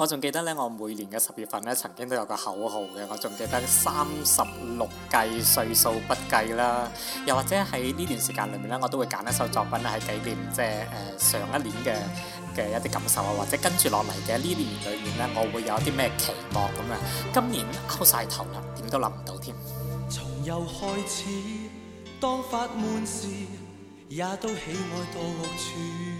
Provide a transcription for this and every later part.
我仲記得咧，我每年嘅十月份咧，曾經都有個口號嘅，我仲記得三十六計，歲數不計啦，又或者喺呢段時間裏面咧，我都會揀一首作品咧，喺紀念即係誒上一年嘅嘅一啲感受啊，或者跟住落嚟嘅呢年裏面咧，我會有啲咩期望咁啊？今年拗晒頭啦，點都諗唔到添。從又開始，當發滿時，也都喜愛到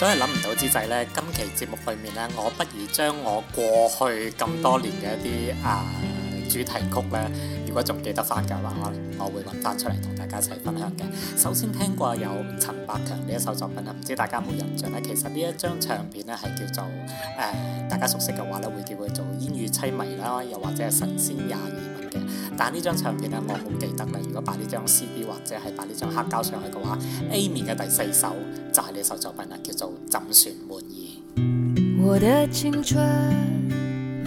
都係諗唔到之際呢，今期節目裏面呢，我不如將我過去咁多年嘅一啲啊～主題曲咧，如果仲記得翻嘅話，我我會揾翻出嚟同大家一齊分享嘅。首先聽過有陳百強呢一首作品啦，唔知大家有冇印象咧？其實呢一張唱片咧係叫做誒、呃，大家熟悉嘅話咧會叫佢做《煙雨淒迷》啦，又或者係《神仙廿二文》嘅。但係呢張唱片咧我好記得咧，如果擺呢張 CD 或者係擺呢張黑膠上去嘅話，A 面嘅、e、第四首就係呢首作品啦，叫做《怎算滿意》。我的青春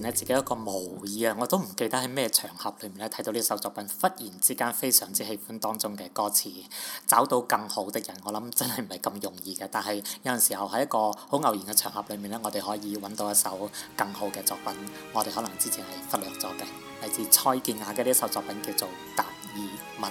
咧自己一個模擬啊，我都唔記得喺咩場合裏面咧睇到呢首作品，忽然之間非常之喜歡當中嘅歌詞，找到更好的人，我諗真係唔係咁容易嘅。但係有陣時候喺一個好偶然嘅場合裏面咧，我哋可以揾到一首更好嘅作品，我哋可能之前係忽略咗嘅，嚟自蔡健雅嘅呢首作品叫做《達爾文》。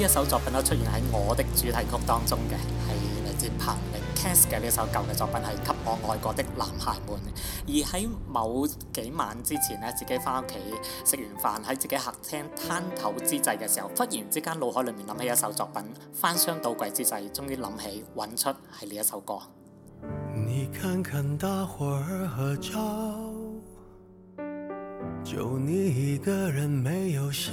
呢一首作品都出現喺我的主題曲當中嘅，係嚟自彭羚 Cass 嘅呢首舊嘅作品，係給我愛過的男孩們。而喺某幾晚之前呢，自己翻屋企食完飯，喺自己客廳攤頭之際嘅時候，忽然之間腦海裏面諗起一首作品，翻箱倒櫃之際，終於諗起搵出係呢一首歌。你看看大伙兒合照，就你一個人沒有笑。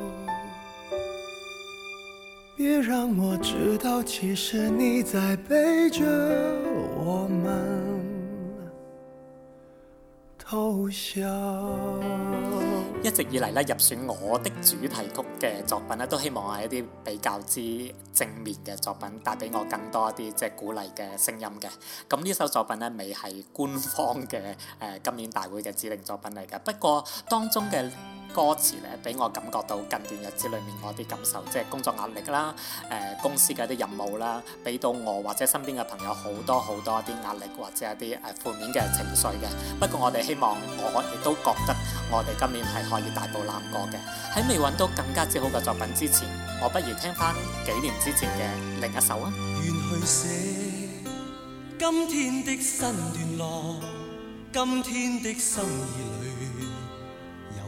一直以嚟咧，入選我的主題曲嘅作品咧，都希望係一啲比較之正面嘅作品，帶俾我更多一啲即係鼓勵嘅聲音嘅。咁呢首作品呢，未係官方嘅誒，今年大會嘅指定作品嚟嘅。不過當中嘅。歌詞咧，俾我感覺到近段日子裏面我啲感受，即係工作壓力啦，誒、呃、公司嘅啲任務啦，俾到我或者身邊嘅朋友好多好多一啲壓力或者一啲誒負面嘅情緒嘅。不過我哋希望我亦都覺得我哋今年係可以大步攬過嘅。喺未揾到更加之好嘅作品之前，我不如聽翻幾年之前嘅另一首啊。願去寫今天的新段落，今天的心已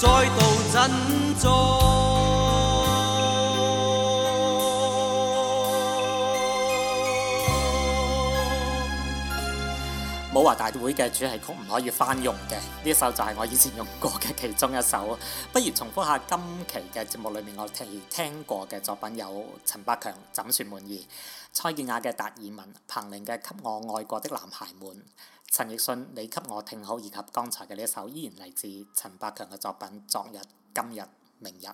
再度珍武華大會嘅主題曲唔可以翻用嘅，呢首就係我以前用過嘅其中一首。不如重複下今期嘅節目裏面我聽聽過嘅作品有陳百強《怎算滿意》，蔡健雅嘅《達爾文》，彭羚嘅《給我愛過的男孩們》。陳奕迅，你給我聽好，以及剛才嘅呢一首，依然嚟自陳百強嘅作品《昨日、今日、明日》。